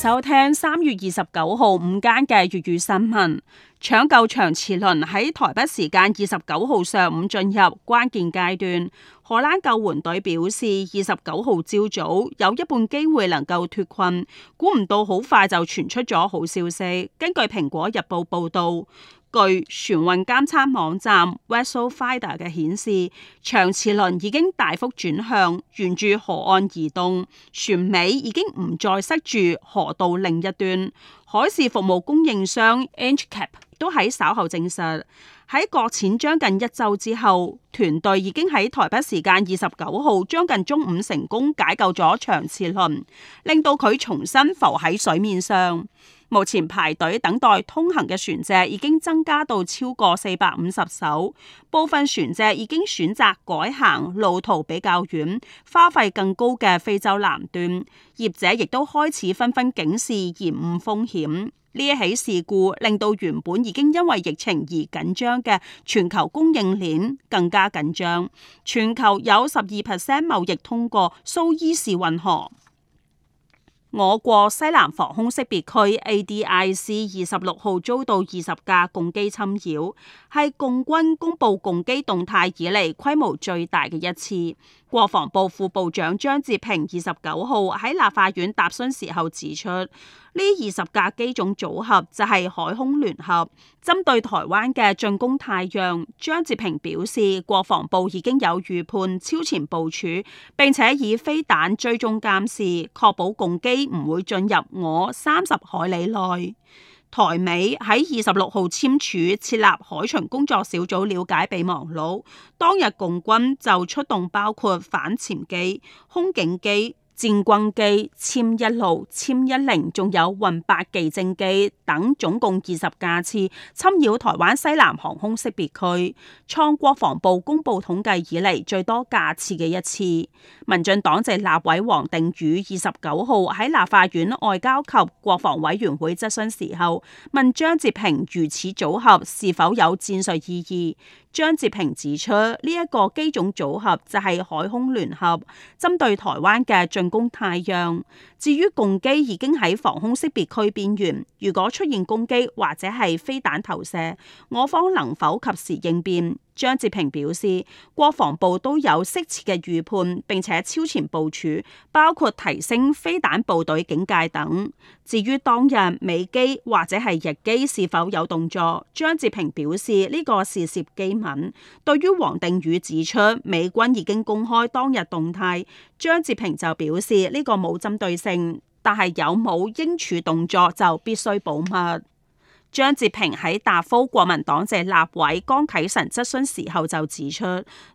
收聽三月二十九號午間嘅粵語新聞。搶救長賜輪喺台北時間二十九號上午進入關鍵階段。荷蘭救援隊表示，二十九號朝早有一半機會能夠脫困，估唔到好快就傳出咗好消息。根據蘋果日報報道。據船運監測網站 Vessel Finder 嘅顯示，長賜輪已經大幅轉向，沿住河岸移動，船尾已經唔再塞住河道另一端。海事服務供應商 Anchor Cap 都喺稍後證實，喺擱淺將近一周之後，團隊已經喺台北時間二十九號將近中午成功解救咗長賜輪，令到佢重新浮喺水面上。目前排隊等待通行嘅船隻已經增加到超過四百五十艘，部分船隻已經選擇改行路途比較遠，花費更高嘅非洲南端。業者亦都開始紛紛警示延誤風險。呢一起事故令到原本已經因為疫情而緊張嘅全球供應鏈更加緊張。全球有十二 percent 貿易通過蘇伊士運河。我國西南防空識別區 ADIC 二十六號遭到二十架共機侵擾，係共軍公布共機動態以嚟規模最大嘅一次。國防部副部長張哲平二十九號喺立法院答詢時候指出，呢二十架機種組合就係海空聯合針對台灣嘅進攻太陽。張哲平表示，國防部已經有預判、超前部署，並且以飛彈追蹤監視，確保共機唔會進入我三十海里內。台美喺二十六號簽署設立海巡工作小組，瞭解備忘錄。當日共軍就出動包括反潛機、空警機。戰軍機、殲一六、殲一零，仲有運八技政機等，總共二十架次侵擾台灣西南航空識別區，創國防部公布統計以嚟最多架次嘅一次。民進黨籍立委王定宇二十九號喺立法院外交及國防委員會質詢時候，問張哲平如此組合是否有戰術意義。張哲平指出，呢、這、一個機種組合就係海空聯合，針對台灣嘅進攻太陽。至於共機已經喺防空識別區邊緣，如果出現攻擊或者係飛彈投射，我方能否及時應變？張哲平表示，國防部都有適切嘅預判，並且超前部署，包括提升飛彈部隊警戒等。至於當日美機或者係日機是否有動作，張哲平表示呢、這個是涉機敏。對於王定宇指出美軍已經公開當日動態，張哲平就表示呢、這個冇針對性，但係有冇應處動作就必須保密。張哲平喺答覆國民黨籍立委江啟臣質詢時候就指出，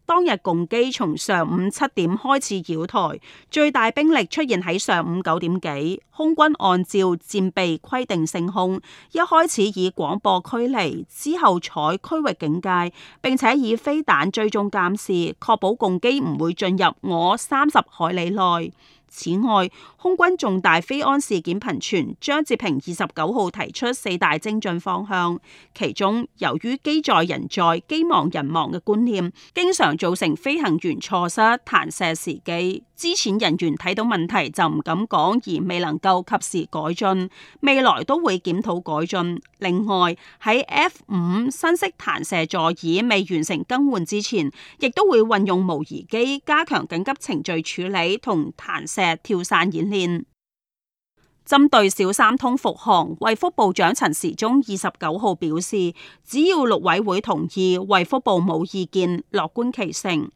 當日共機從上午七點開始擾台，最大兵力出現喺上午九點幾，空軍按照戰備規定升空，一開始以廣播驅離，之後採區域警戒，並且以飛彈追蹤監視，確保共機唔會進入我三十海里內。此外，空軍重大飛安事件頻傳，張哲平二十九號提出四大精進方向，其中由於機在人在、機亡人亡嘅觀念，經常造成飛行員錯失彈射時機。之前人員睇到問題就唔敢講，而未能夠及時改進，未來都會檢討改進。另外，喺 F 五新式彈射座椅未完成更換之前，亦都會運用模擬機加強緊急程序處理同彈射嘅跳傘演練。針對小三通復航，衛福部長陳時中二十九號表示，只要陸委會同意，衛福部冇意見，樂觀其成。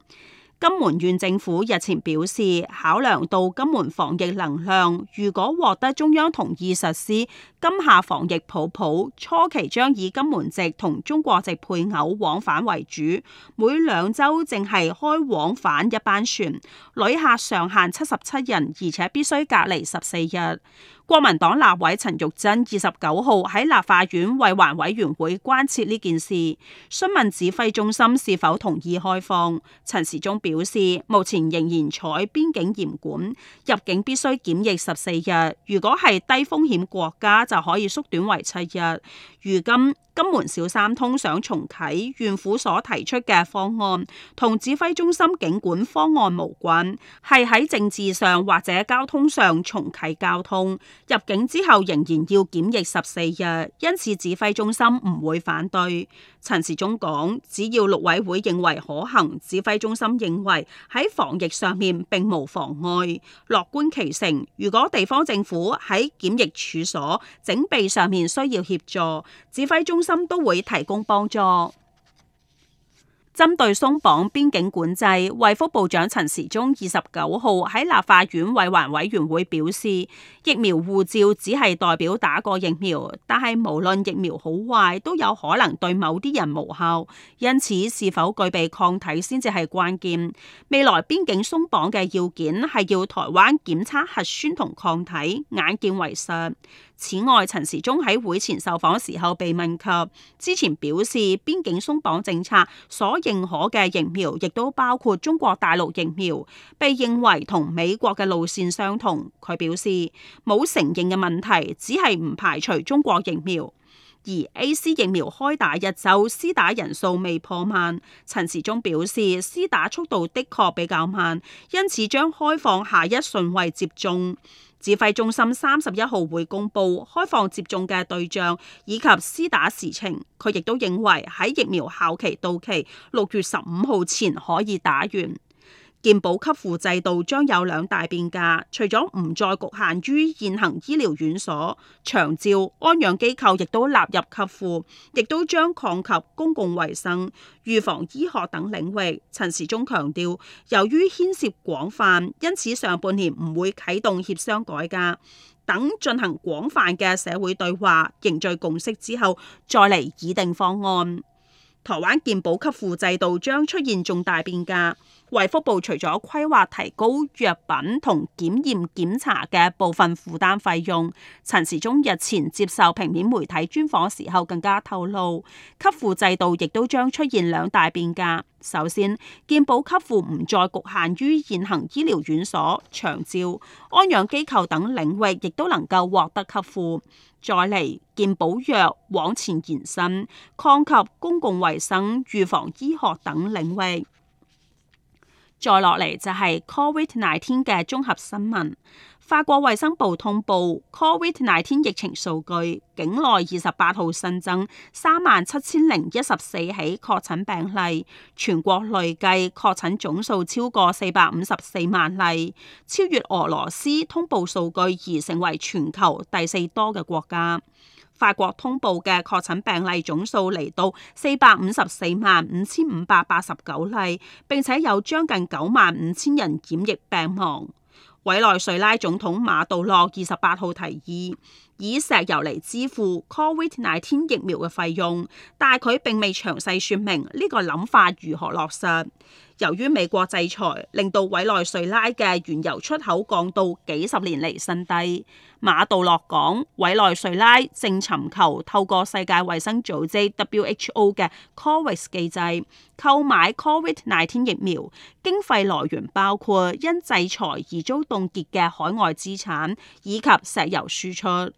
金門縣政府日前表示，考量到金門防疫能量，如果獲得中央同意實施金廈防疫泡泡，初期將以金門籍同中國籍配偶往返為主，每兩周淨係開往返一班船，旅客上限七十七人，而且必須隔離十四日。國民黨立委陳玉珍二十九號喺立法院衛環委員會關切呢件事，詢問指揮中心是否同意開放。陳時中表示目前仍然採邊境嚴管，入境必須檢疫十四日。如果係低風險國家，就可以縮短為七日。如今金門小三通想重啟，縣府所提出嘅方案同指揮中心警管方案無關，係喺政治上或者交通上重啟交通。入境之後仍然要檢疫十四日，因此指揮中心唔會反對。陳時中講：只要陸委會認為可行，指揮中心認為喺防疫上面並無妨礙，樂觀其成。如果地方政府喺檢疫處所整備上面需要協助，指揮中。都會提供幫助。針對鬆綁邊境管制，衛福部長陳時中二十九號喺立法院衛環委員會表示，疫苗護照只係代表打過疫苗，但係無論疫苗好壞，都有可能對某啲人無效，因此是否具備抗體先至係關鍵。未來邊境鬆綁嘅要件係要台灣檢測核酸同抗體，眼見為實。此外，陳時中喺會前受訪時候被問及之前表示邊境鬆綁政策所認可嘅疫苗，亦都包括中國大陸疫苗，被認為同美國嘅路線相同。佢表示冇承認嘅問題，只係唔排除中國疫苗。而 A C 疫苗開打一週施打人數未破萬，陳時中表示施打速度的確比較慢，因此將開放下一順位接種。指揮中心三十一號會公布開放接種嘅對象以及施打時程，佢亦都認為喺疫苗效期到期六月十五號前可以打完。健保給付制度將有兩大變革，除咗唔再局限於現行醫療院所、長照、安養機構，亦都納入給付，亦都將擴及公共衛生、預防醫學等領域。陳時中強調，由於牽涉廣泛，因此上半年唔會啟動協商改革。等進行廣泛嘅社會對話，凝聚共識之後，再嚟擬定方案。台灣健保給付制度將出現重大變革。衛福部除咗規劃提高藥品同檢驗檢查嘅部分負擔費用，陳時中日前接受平面媒體專訪時候更加透露，給付制度亦都將出現兩大變革。首先，健保給付唔再局限於現行醫療院所、長照、安養機構等領域，亦都能夠獲得給付；再嚟，健保藥往前延伸，擴及公共衛生、預防醫學等領域。再落嚟就係 Covid 那天嘅綜合新聞。法國衛生部通報 Covid 那天疫情數據，境內二十八號新增三萬七千零一十四起確診病例，全國累計確診總數超過四百五十四萬例，超越俄羅斯通報數據而成為全球第四多嘅國家。法國通報嘅確診病例總數嚟到四百五十四萬五千五百八十九例，並且有將近九萬五千人檢疫病亡。委內瑞拉總統馬杜羅二十八號提議以石油嚟支付 COVID-19 疫苗嘅費用，但佢並未詳細説明呢個諗法如何落實。由於美國制裁，令到委內瑞拉嘅原油出口降到幾十年嚟新低。馬杜羅講，委內瑞拉正尋求透過世界衛生組織 WHO 嘅 COVAX 機制購買 COVID-19 疫苗，經費來源包括因制裁而遭凍結嘅海外資產以及石油輸出。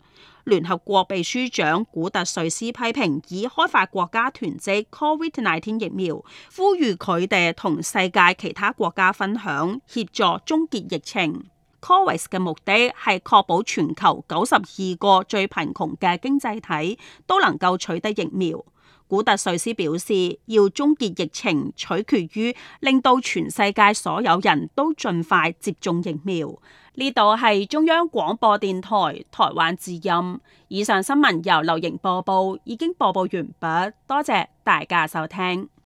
聯合國秘書長古特瑞斯批評已開發國家囤積 COVID-19 疫苗，呼籲佢哋同世界其他國家分享協助終結疫情。COVID 嘅目的係確保全球九十二個最貧窮嘅經濟體都能夠取得疫苗。古特瑞斯表示，要終結疫情，取決於令到全世界所有人都盡快接種疫苗。呢度係中央廣播電台台灣之音。以上新聞由劉瑩播報，已經播報完畢，多謝大家收聽。